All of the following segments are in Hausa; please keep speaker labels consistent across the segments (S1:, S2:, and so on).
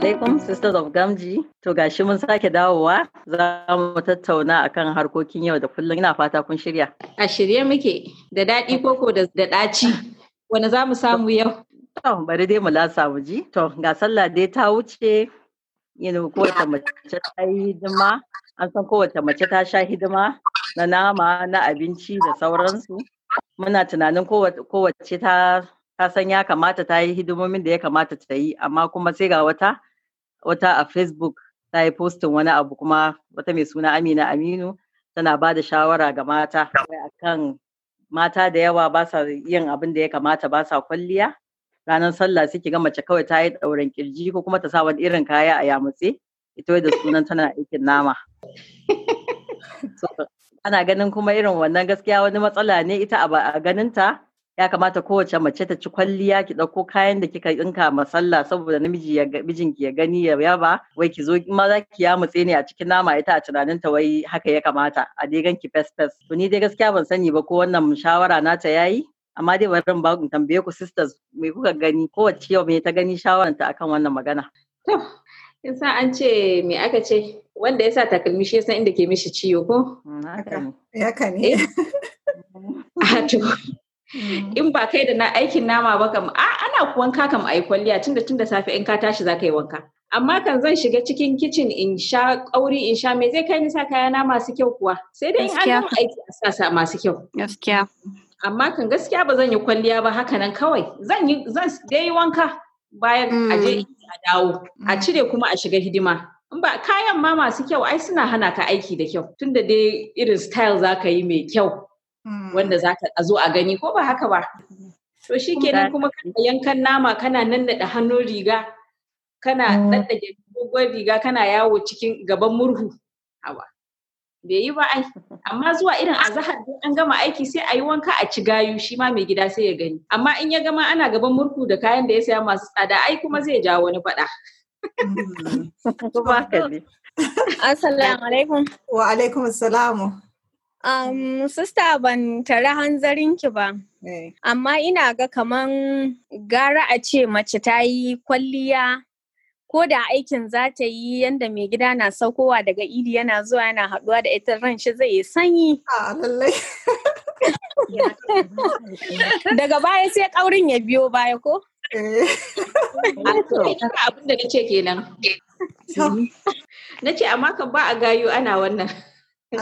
S1: alaikum, Sisters of Gamji. To gashi mun sake dawowa za mu tattauna akan harkokin yau da kullum ina fata kun shirya. A shirye muke da daɗi koko da ɗaci. Wani za mu samu yau? bari dai mu lasa mu ji. To ga sallah dai ta wuce yin kowace mace ta yi hidima an san kowace mace ta sha hidima na nama na abinci da sauransu muna tunanin kowace ta ta san ya kamata ta yi hidimomin da ya kamata ta yi amma kuma sai ga wata wata a facebook ta yi postin wani abu kuma wata mai suna amina aminu tana ba da shawara ga mata akan mata da yawa ba sa yin abin da ya kamata ba sa kwalliya ranar sallah sai ki ga mace kawai ta yi ɗauren kirji ko kuma ta sa wani irin kaya a yamutse ita da sunan tana aikin nama ana ganin kuma irin wannan gaskiya wani matsala ne ita a ganinta ya kamata kowace mace ta ci kwalliya ki ɗauko kayan da kika ɗinka masalla saboda namiji ya mijinki ya gani ya yaba wai ki zo ma za ki ya mutse ne a cikin nama ita a tunanin ta wai haka ya kamata a dai ki fes fes to ni dai gaskiya ban sani ba ko wannan shawara nata yayi amma dai bari ba in tambaye ku sisters me kuka gani kowace yau me ta gani ta akan wannan magana
S2: to in sa an ce me aka ce wanda ya takalmi shi yasan inda ke mishi ciwo ko
S1: mm, haka
S2: ne haka ne eh? ah, Mm. in ba kai da na aikin nama ba kam a ana wanka kam a yi kwalliya tunda tunda safe in ka tashi za ka yi wanka amma kan zan shiga cikin kicin in sha kauri in sha me zai kai ni sa kayana masu kyau kuwa sai dai in an aiki a sa masu kyau gaskiya amma kan gaskiya ba zan yi kwalliya ba haka nan kawai zan yi zan dai wanka bayan a je mm. a dawo a mm. cire kuma a shiga hidima in ba kayan ma masu kyau ai suna hana ka aiki da kyau tunda dai irin style za ka yi mai kyau wanda hmm. za ka zo a gani ko ba haka ba to shi kenan kuma kana yankan nama kana nannaɗa hannun riga kana hmm. ɗaɗɗage dogon riga kana yawo cikin gaban murhu hawa bai yi ba ai amma zuwa irin azahar dai an gama aiki sai a yi wanka a ci gayu shi ma mai gida sai ya gani amma in ya gama ana gaban murhu da kayan da ya saya masu tsada ai kuma zai ja wani faɗa.
S3: Hmm. Assalamu alaikum. Wa alaikum assalamu. Um, sista ban tare hanzarin ki ba. Hey. Eh. Amma ina ga kaman gara a ce mace ta yi kwalliya ko da aikin za ta yi yanda mai gida na saukowa daga idi yana zuwa yana haɗuwa da ita ran shi zai yi sanyi. daga baya sai ƙaurin ya
S2: biyo baya ko? Eh. Abin da na kenan. Nace amma kan ba a gayu ana wannan.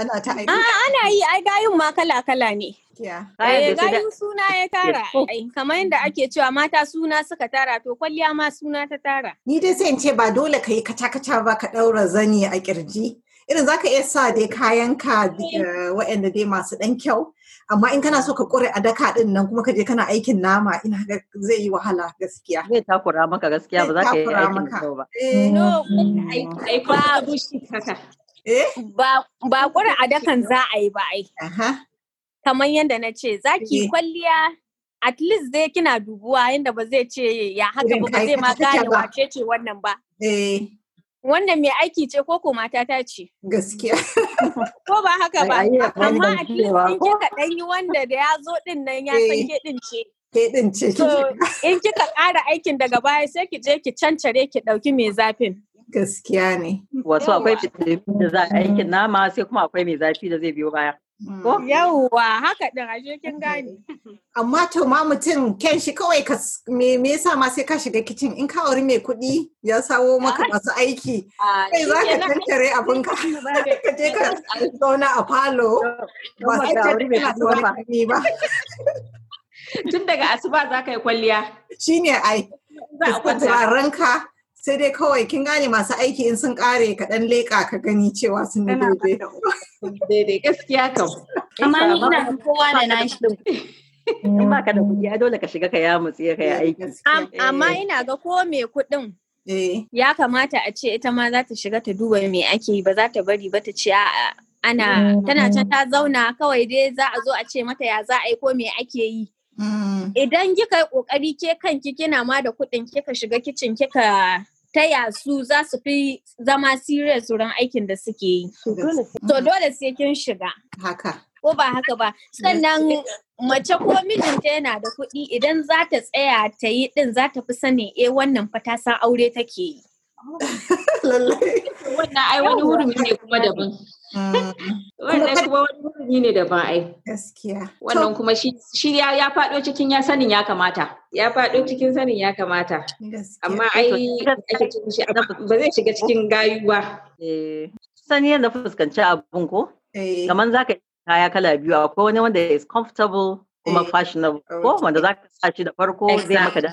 S2: ana ta ah, ana yi ai gayun ma kala-kala ne.
S3: Eh, gayun suna ya tara, oh. kamar yadda ake cewa mata suna suka tara to kwalliya ma suna ta tara.
S4: Ni dai sai in ce ba dole ka yi kaca-kaca ba ka ɗaura zani a kirji. Irin za ka iya sa dai kayan ka eh, waɗanda dai masu ɗan kyau. amma in kana so ka kure a daka din nan kuma ka je kana aikin nama ina zai yi wahala gaskiya
S1: zai takura maka gaskiya
S4: ba za ka yi aikin ba eh, no
S3: mm. ai ba bushi kaka Eh? Ba ƙura a dakan za a yi ba ai. Kamar yadda na ce, za ki eh. kwalliya at least zai kina dubuwa yadda ba zai ce ya haka ba zai ma gane wace ce wannan ba. Eh. Wannan mai aiki ce ko ko mata ta ce. Gaskiya. Ko ba haka ba. Amma at least in kika ɗan yi wanda da ya zo ɗin nan ya san ke ɗin ce. Ke ɗin ce. in kika ƙara aikin daga baya sai ki je ki cancare ki ɗauki mai zafin. Gaskiya
S1: ne. Wasu akwai da za a aikin mm. nama sai kuma akwai mai zafi da zai biyo baya.
S4: Mm. Yawwa haka ɗin a kin gane. Amma to ma mutum ken shi kawai ka me yasa ma sai ka shiga kicin in ka wuri mai kuɗi ya sawo maka ah. masu aiki. Ah, kai za ka tantare abin ka ka je ka
S2: zauna a falo ba sai ka auri ba. Tun daga asuba za ka yi kwalliya.
S4: Shine ai. Za a kwanta. sai dai kawai kin gane masu aiki in sun kare ka dan leka ka gani cewa sun yi daidai daidai
S2: gaskiya kam
S1: amma ni ina kowa da nashi in ba ka da kudi a dole ka shiga ka ya mutsi
S4: ka ya eh, aiki
S3: eh. amma ina ga ko me kuɗin eh. ya kamata a ce ita ma za ta shiga ta duba me ake yi ba za ta bari ba ta ce a'a ana mm. tana can ta zauna kawai dai za a zo a ce mata ya za a yi ko me ake yi mm. idan kika yi kokari ke kanki kina ma da kuɗin kika shiga kicin kika taya su za su fi zama serious wurin aikin da suke yi. To dole sai kin shiga. Haka. Ko ba haka ba. Sannan mace ko mijinta yana da kuɗi idan za ta tsaya ta yi ɗin za ta fi sanin eh wannan fa ta san aure take yi. lallai wannan ai wani hurumi ne kuma daban ai mm.
S2: wannan kuma shi ya faɗo cikin ya sanin ya kamata ya faɗo cikin sanin ya kamata amma ai ba zai shiga cikin
S1: gayu ba eh, sani yadda fuskanci abun ko eh. kaman zaka kaya kala biyu akwai wani wanda is comfortable kuma eh, na ko wanda za ka sa shi da farko zai maka da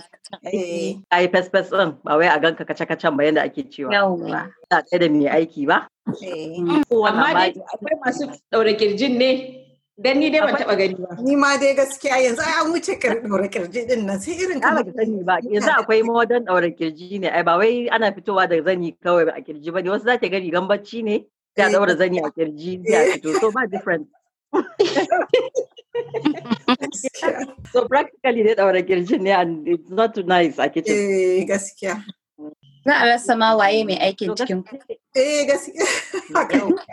S1: a yi fes-fes ɗin ba wai a gan ka kace-kacen ba yadda ake cewa ba da ɗaya da mai aiki ba eh.
S2: mm. amma dai akwai masu ɗaure kirjin ne
S4: Dan ni dai ban taɓa gani ba. Ni ma dai gaskiya yanzu an wuce kar ɗaura kirji din nan sai irin kamar da
S1: sani ba. Yanzu akwai modern ɗaura kirji ne ai ba wai ana fitowa da zani kawai a kirji ba ne wasu za zaki gani gambacci bacci ne sai a eh. zani a kirji sai fito so ba different. so practically dai daura kirjin ne and it's not too nice a kitchen. Eh gaskiya.
S4: Na a rasa ma waye mai aikin cikin ku. Eh gaskiya.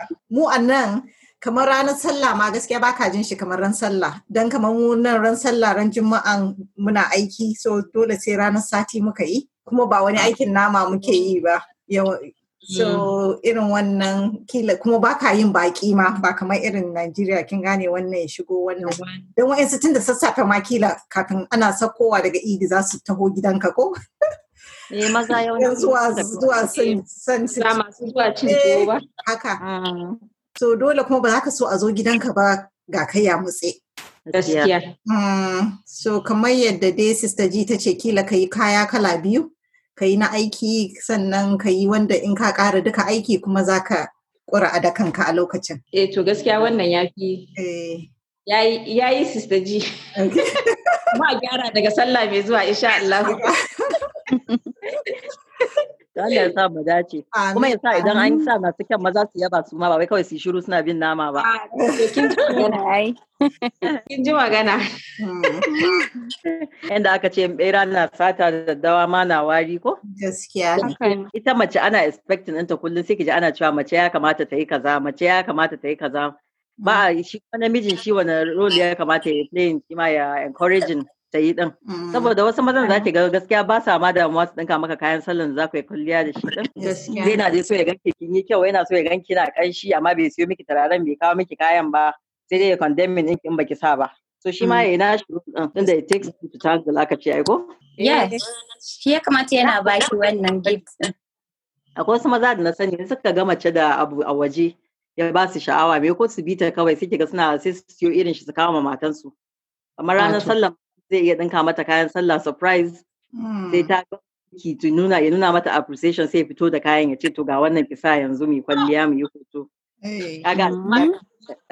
S4: Mu a nan kamar ranar sallah ma gaskiya baka jin shi kamar ran sallah dan kamar mu nan ran sallah ran juma'an muna aiki so dole sai ranar sati muka yi kuma ba wani ah. aikin nama muke yi ba So irin wannan kila kuma ba ka yin baki ma ba kamar irin Najeriya kin gane wannan ya shigo wannan. Don su tun da sassafe ma kila kafin ana sakowa daga idi za su taho gidanka ko?
S1: Eh maza yawanci. Zuwa
S4: zuwa san eh, masu zuwa cin eh, ba. Haka. Ah. So dole kuma ba za ka so a zo gidanka ba ga kai ya mutse.
S2: Gaskiya.
S4: Hmm. So kamar yadda dai Sista Ji ta ce kila ka yi kaya kala biyu. ka yi na aiki sannan ka yi wanda in ka ƙara duka aiki kuma za ka ƙura da kanka a lokacin.
S2: Eh to gaskiya wannan ya fi eh. ya yi ji. Ma gyara daga sallah mai zuwa insha Allah.
S1: Allah ya sa mu dace. Kuma ya sa idan an sa masu kyan maza su yaba su ma ba wai kawai su shiru suna bin nama ba.
S3: Kin ji magana
S2: ai. Kin ji magana.
S1: inda hmm. aka ce bera na sata da dawa ma na wari ko? Gaskiya. Ita mace ana expecting ɗinta kullum sai kiji ji ana cewa mace ya kamata ta yi kaza, mace ya kamata ta yi kaza. Ba shi namijin shi wani role ya kamata ya play shi ma ya encouraging. ta yi din mm. saboda wasu mazan za ki ga gaskiya ba sa ma damuwa su dinka maka kayan sallan za ku yi kulliya da shi din zai na dai so ya ganki kin yi kyau yana so ya ganki na kanshi amma bai siyo miki turaren bai kawo miki kayan ba sai dai ya condemn din in baki sa ba so shi ma mm. ya na shi din tunda it takes to charge the laka ce aiko yes
S3: shi ya kamata yana shi wannan gift
S1: akwai wasu maza da na sani in suka ga mace da abu a waje ya ba su sha'awa me ko su bita kawai sai ga suna sai su siyo irin shi su kawo ma matansu kamar ranar sallan zai iya ɗinka mata kayan sallah surprise sai hmm. ta ki to nuna ya nuna mata appreciation sai fito da kayan ya ce to ga wannan kisa yanzu mai kwalliya mu yi hoto eh.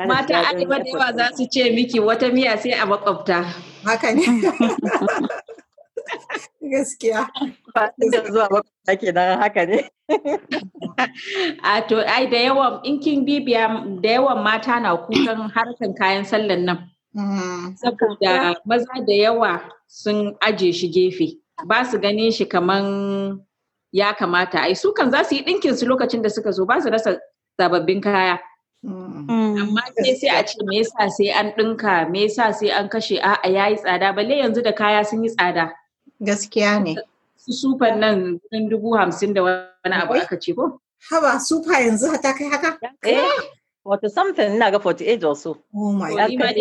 S1: mata arewa da yawa za
S2: su ce miki wata miya sai a makwabta haka ne gaskiya ba zuwa makwabta ke nan haka ne a to ai da yawan in kin bibiya da yawan mata na kukan harkan kayan sallan nan Mm-hmm. Saboda maza da yawa sun aje shi gefe, ba su ganin shi kaman ya kamata ai su kan za su yi ɗinkin su lokacin da suka zo ba su rasa sababbin kaya.
S4: Mm-hmm.
S2: Amma sai sai a ce me yasa sai an ɗinka, me yasa sai an kashe a'a yayi tsada, balle yanzu da kaya sun yi tsada. Gaskiya ne. Su sufan nan dubu hamsin da wani abu aka ce ko? Haba sufa yanzu ta kai haka? Eh. Wato something na ga 48 also. Oh my god.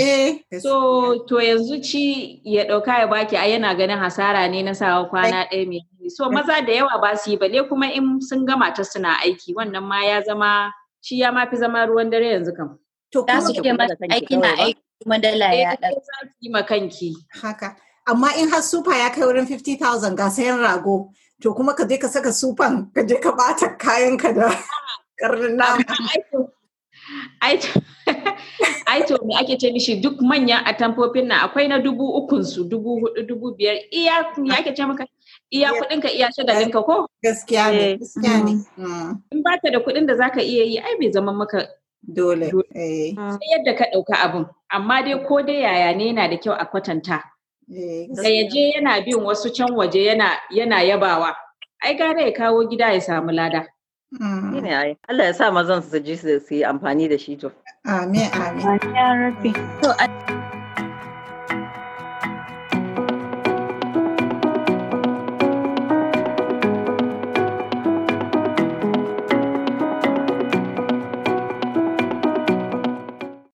S2: Eh, so to yanzu ci ya dauka ya baki a yana ganin hasara ne na sawa kwana ɗaya mai So maza da yawa ba su yi bale kuma in sun gama ta suna aiki wannan ma ya zama shi ya ma fi zama ruwan dare yanzu kam. To kuma su ke aiki na aiki kuma dala ya eh, ɗaga. za ki ma kanki. Haka.
S4: Amma in har sufa ya kai wurin 50,000 ga sayan rago to kuma ka je ka saka sufan ka je ka bata kayan ka da
S2: karnin nama. aito me ake ce mishi duk manyan atamfofin nan akwai na dubu ukun su dubu hudu dubu biyar iya me ake ce maka iya kudin ka iya shagalin ka ko gaskiya ne eh. gaskiya ne mm. Mm. in baka da kudin da zaka iya yi ai bai zama maka dole eh. mm. sai yadda ka dauka abun amma dai ko dai yaya ne yana da kyau a kwatanta
S4: eh, da ya
S2: je yana bin wasu can waje yana yabawa ai gara ya kawo gida ya samu lada Mm. Shi ne ai. Allah ya sa mazan su ji su yi amfani da shi to. Amin amin.
S4: Amin
S3: ya rafi.